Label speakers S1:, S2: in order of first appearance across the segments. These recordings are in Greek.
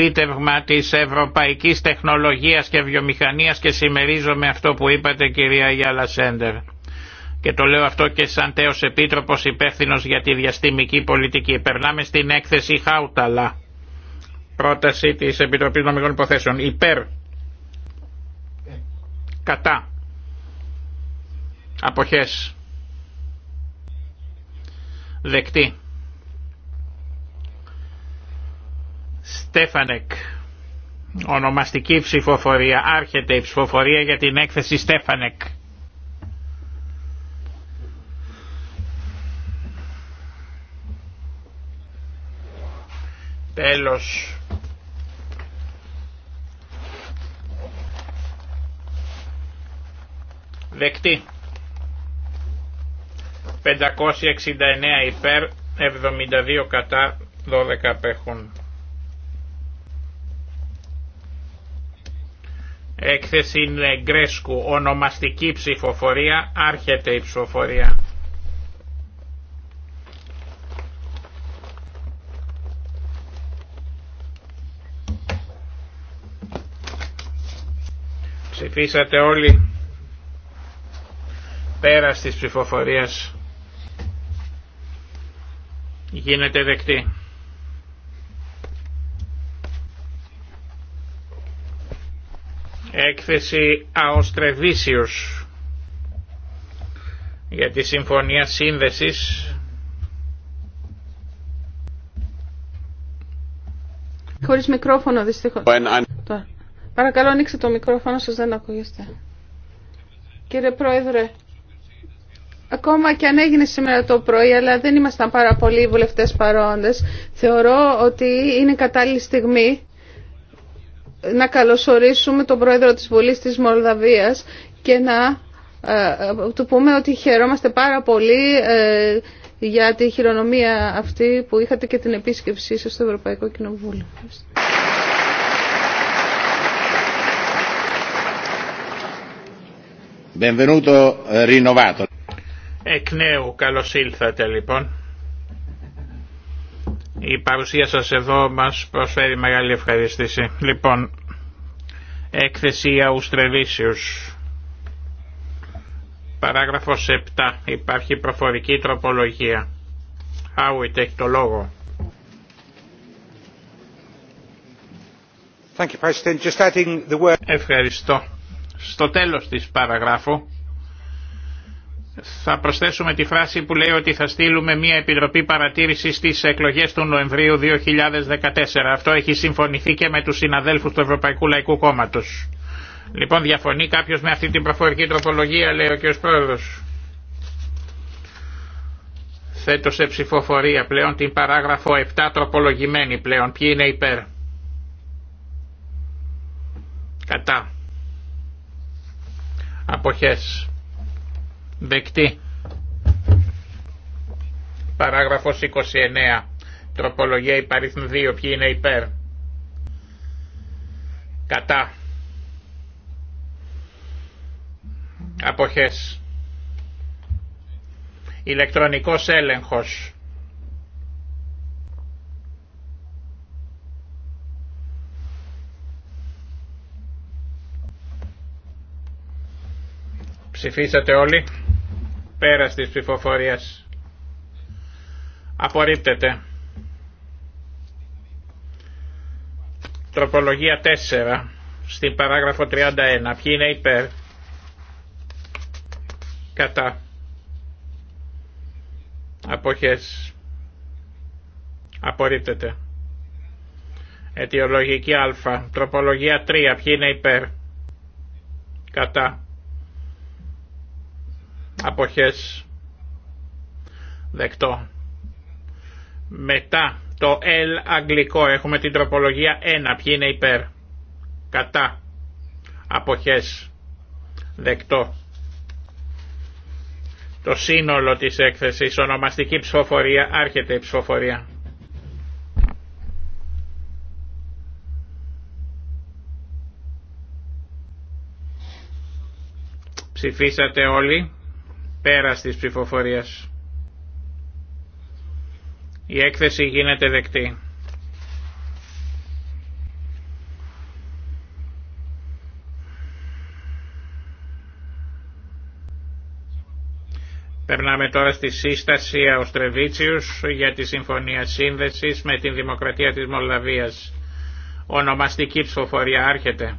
S1: επίτευγμα της ευρωπαϊκής τεχνολογίας και βιομηχανίας και συμμερίζομαι αυτό που είπατε κυρία Γιάλα Σέντερ. Και το λέω αυτό και σαν τέος επίτροπος υπεύθυνο για τη διαστημική πολιτική. Περνάμε στην έκθεση Χάουταλα. Πρόταση της Επιτροπής Νομικών Υποθέσεων. Υπέρ. Κατά. Αποχές. Δεκτή. Στέφανεκ. Ονομαστική ψηφοφορία. Άρχεται η ψηφοφορία για την έκθεση Στέφανεκ. Τέλος. Δεκτή. 569 υπέρ, 72 κατά, 12 απέχουν. Έκθεση Νεγκρέσκου, ονομαστική ψηφοφορία, άρχεται η ψηφοφορία. Ψηφίσατε όλοι πέρα της ψηφοφορίας. Γίνεται δεκτή. Έκθεση Αοστρεβίσιους για τη Συμφωνία Σύνδεσης
S2: Χωρίς μικρόφωνο δυστυχώς. Παρακαλώ ανοίξτε το μικρόφωνο σας δεν ακούγεστε. Κύριε Πρόεδρε, ακόμα και αν έγινε σήμερα το πρωί, αλλά δεν ήμασταν πάρα πολλοί βουλευτές παρόντες, θεωρώ ότι είναι κατάλληλη στιγμή να καλωσορίσουμε τον πρόεδρο της Βουλής της Μολδαβίας και να ε, ε, του πούμε ότι χαιρόμαστε πάρα πολύ ε, για τη χειρονομία αυτή που είχατε και την επίσκεψή σας στο Ευρωπαϊκό Κοινοβούλιο.
S1: Eh, Εκ νέου καλώς ήλθατε λοιπόν η παρουσία σας εδώ μας προσφέρει μεγάλη ευχαριστήση. Λοιπόν, έκθεση Αουστρελίσιους. Παράγραφος 7. Υπάρχει προφορική τροπολογία. Άουιτ έχει το λόγο. Ευχαριστώ. Στο τέλος της παραγράφου θα προσθέσουμε τη φράση που λέει ότι θα στείλουμε μια επιτροπή παρατήρησης στι εκλογές του Νοεμβρίου 2014. Αυτό έχει συμφωνηθεί και με τους συναδέλφους του Ευρωπαϊκού Λαϊκού Κόμματος. Λοιπόν, διαφωνεί κάποιο με αυτή την προφορική τροπολογία, λέει ο κ. Πρόεδρο. Θέτω σε ψηφοφορία πλέον την παράγραφο 7 τροπολογημένη πλέον. Ποιοι είναι υπέρ. Κατά. Αποχές Δεκτή. Παράγραφος 29. Τροπολογία υπαρίθμ 2. Ποιοι είναι υπέρ. Κατά. Αποχές. Ηλεκτρονικός έλεγχος. Ψηφίσατε όλοι. Πέρας τη ψηφοφορίας. Απορρίπτεται. Τροπολογία 4. Στην παράγραφο 31. Ποιοι είναι υπέρ. Κατά. Αποχές. Απορρίπτεται. Αιτιολογική α. Τροπολογία 3. Ποιοι είναι υπέρ. Κατά αποχές δεκτό. Μετά το L αγγλικό έχουμε την τροπολογία 1. Ποιοι είναι υπέρ. Κατά. Αποχές. Δεκτό. Το σύνολο της έκθεσης, ονομαστική ψηφοφορία, άρχεται η ψηφοφορία. Ψηφίσατε όλοι. Πέρα της ψηφοφορίας. Η έκθεση γίνεται δεκτή. Περνάμε τώρα στη σύσταση Αουστρεβίτσιους για τη Συμφωνία Σύνδεσης με την Δημοκρατία της Μολδαβίας. Ονομαστική ψηφοφορία άρχεται.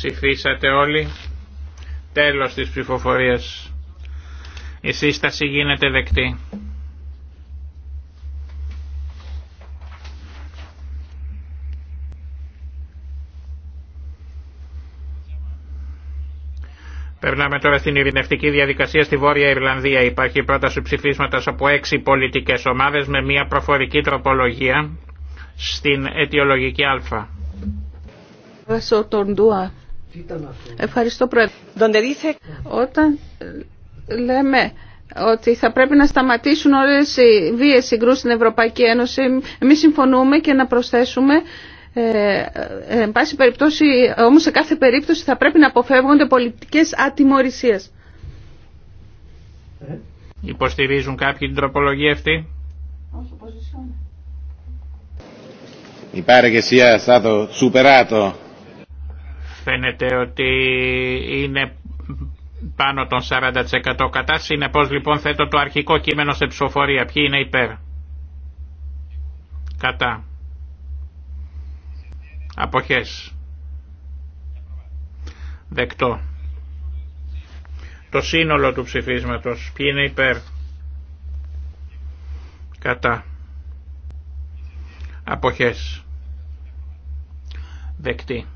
S1: Ψηφίσατε όλοι. Τέλος της ψηφοφορίας. Η σύσταση γίνεται δεκτή. Περνάμε τώρα στην ειρηνευτική διαδικασία στη Βόρεια Ιρλανδία. Υπάρχει πρόταση ψηφίσματος από έξι πολιτικές ομάδες με μια προφορική τροπολογία στην αιτιολογική α.
S2: Ευχαριστώ Πρόεδρε. Όταν λέμε ότι θα πρέπει να σταματήσουν όλες οι βίες συγκρούσεις στην Ευρωπαϊκή Ένωση, εμείς συμφωνούμε και να προσθέσουμε ε, ε πάση περιπτώσει, όμως σε κάθε περίπτωση θα πρέπει να αποφεύγονται πολιτικές ατιμορρησίες.
S1: Υποστηρίζουν κάποιοι την τροπολογία αυτή. Υπάρχει και εσύ, φαίνεται ότι είναι πάνω των 40% κατά. Συνεπώ λοιπόν θέτω το αρχικό κείμενο σε ψηφοφορία. Ποιοι είναι υπέρ. Κατά. Αποχές. Δεκτό. Το σύνολο του ψηφίσματος. Ποιοι είναι υπέρ. Κατά. Αποχές. Δεκτή.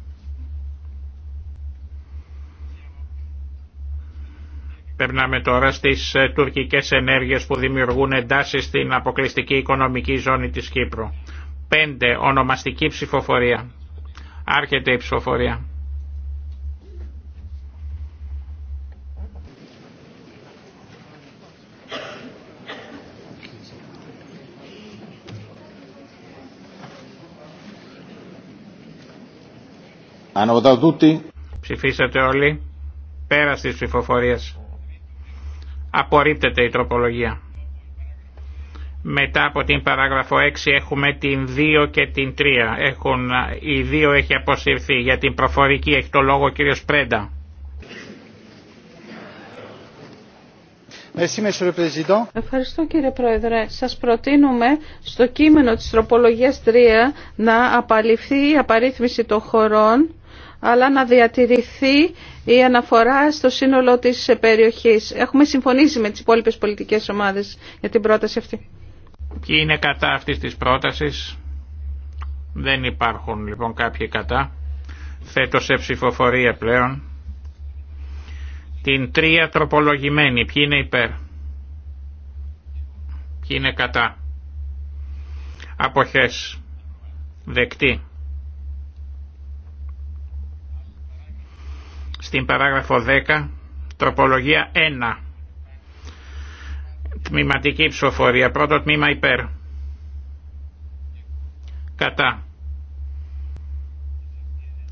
S1: Περνάμε τώρα στις ε, τουρκικές ενέργειες που δημιουργούν εντάσεις στην αποκλειστική οικονομική ζώνη της Κύπρου. 5. Ονομαστική ψηφοφορία. Άρχεται η ψηφοφορία. Ψηφίσατε όλοι. Πέρα τη ψηφοφορία. Απορρίπτεται η τροπολογία. Μετά από την παράγραφο 6 έχουμε την 2 και την 3. Έχουν, η 2 έχει αποσυρθεί. Για την προφορική έχει το λόγο ο κύριος Πρέντα.
S2: Ευχαριστώ κύριε Πρόεδρε. Σας προτείνουμε στο κείμενο της τροπολογίας 3 να απαλληφθεί η απαρίθμηση των χωρών αλλά να διατηρηθεί η αναφορά στο σύνολο της περιοχής. Έχουμε συμφωνήσει με τις υπόλοιπες πολιτικές ομάδες για την πρόταση αυτή.
S1: Ποιοι είναι κατά αυτής της πρότασης. Δεν υπάρχουν λοιπόν κάποιοι κατά. Θέτω σε ψηφοφορία πλέον. Την τρία τροπολογημένη. Ποιοι είναι υπέρ. Ποιοι είναι κατά. Αποχές. Δεκτή. στην παράγραφο 10, τροπολογία 1. Τμηματική ψηφοφορία. Πρώτο τμήμα υπέρ. Κατά.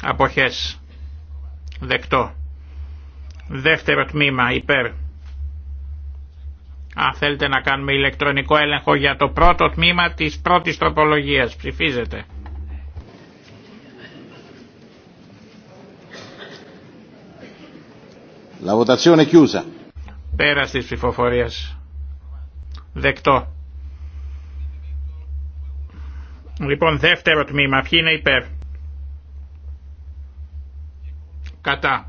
S1: Αποχές. Δεκτό. Δεύτερο τμήμα υπέρ. Αν θέλετε να κάνουμε ηλεκτρονικό έλεγχο για το πρώτο τμήμα της πρώτης τροπολογίας. Ψηφίζετε.
S2: La votazione chiusa.
S1: Πέρα τη ψηφοφορία. Δεκτό. Λοιπόν, δεύτερο τμήμα. Ποιοι είναι υπέρ. Κατά.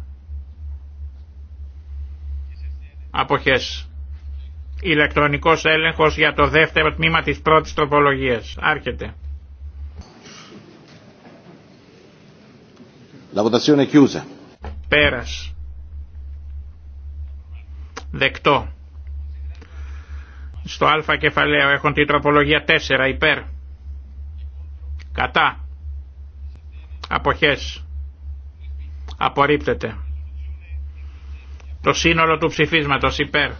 S1: Αποχές. Ηλεκτρονικός έλεγχος για το δεύτερο τμήμα της πρώτης τροπολογίας. Άρχεται.
S2: La votazione
S1: Πέρας. Δεκτό. Στο α κεφαλαίο έχουν την τροπολογία 4 υπέρ. Κατά. Αποχές. Απορρίπτεται. Το σύνολο του ψηφίσματος υπέρ.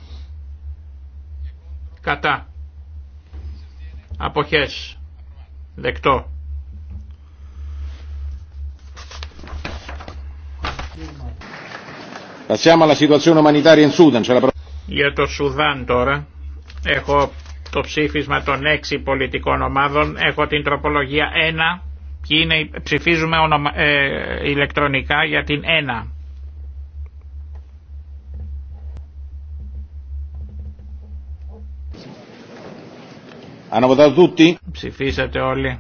S1: Κατά. Αποχές. Δεκτό. Για το Σουδάν τώρα έχω το ψήφισμα των έξι πολιτικών ομάδων, έχω την τροπολογία 1, Ποιοι είναι, ψηφίζουμε ονομα, ε, ηλεκτρονικά για την 1. Ψηφίσατε όλοι.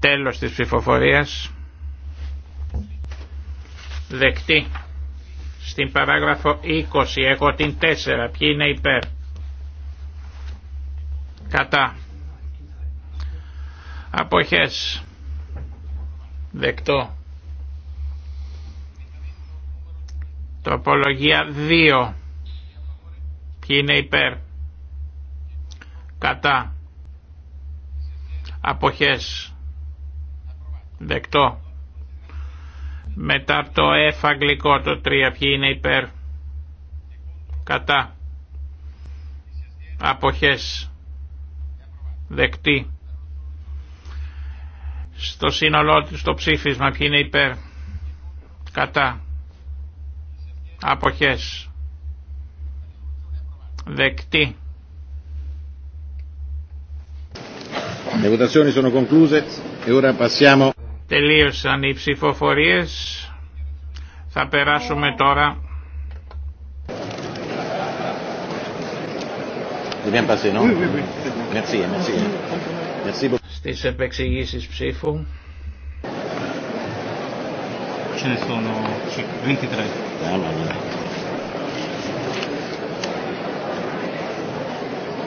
S1: Τέλος της ψηφοφορίας. Δεκτή. Στην παράγραφο 20 έχω την 4. Ποιοι είναι υπέρ. Κατά. Αποχές. Δεκτό. Τροπολογία 2. Ποιοι είναι υπέρ. Κατά. Αποχές. Δεκτό. Μετά από το F αγγλικό το 3 ποιοι είναι υπέρ. Κατά. Αποχές. Δεκτή. Στο σύνολό του στο ψήφισμα ποιοι είναι υπέρ. Κατά. Αποχές. Δεκτή.
S2: Le votazioni sono concluse e ora passiamo
S1: Τελείωσαν οι ψηφοφορίες. Θα περάσουμε τώρα. Στις επεξηγήσεις ψήφου.
S2: Ce ne sono 23.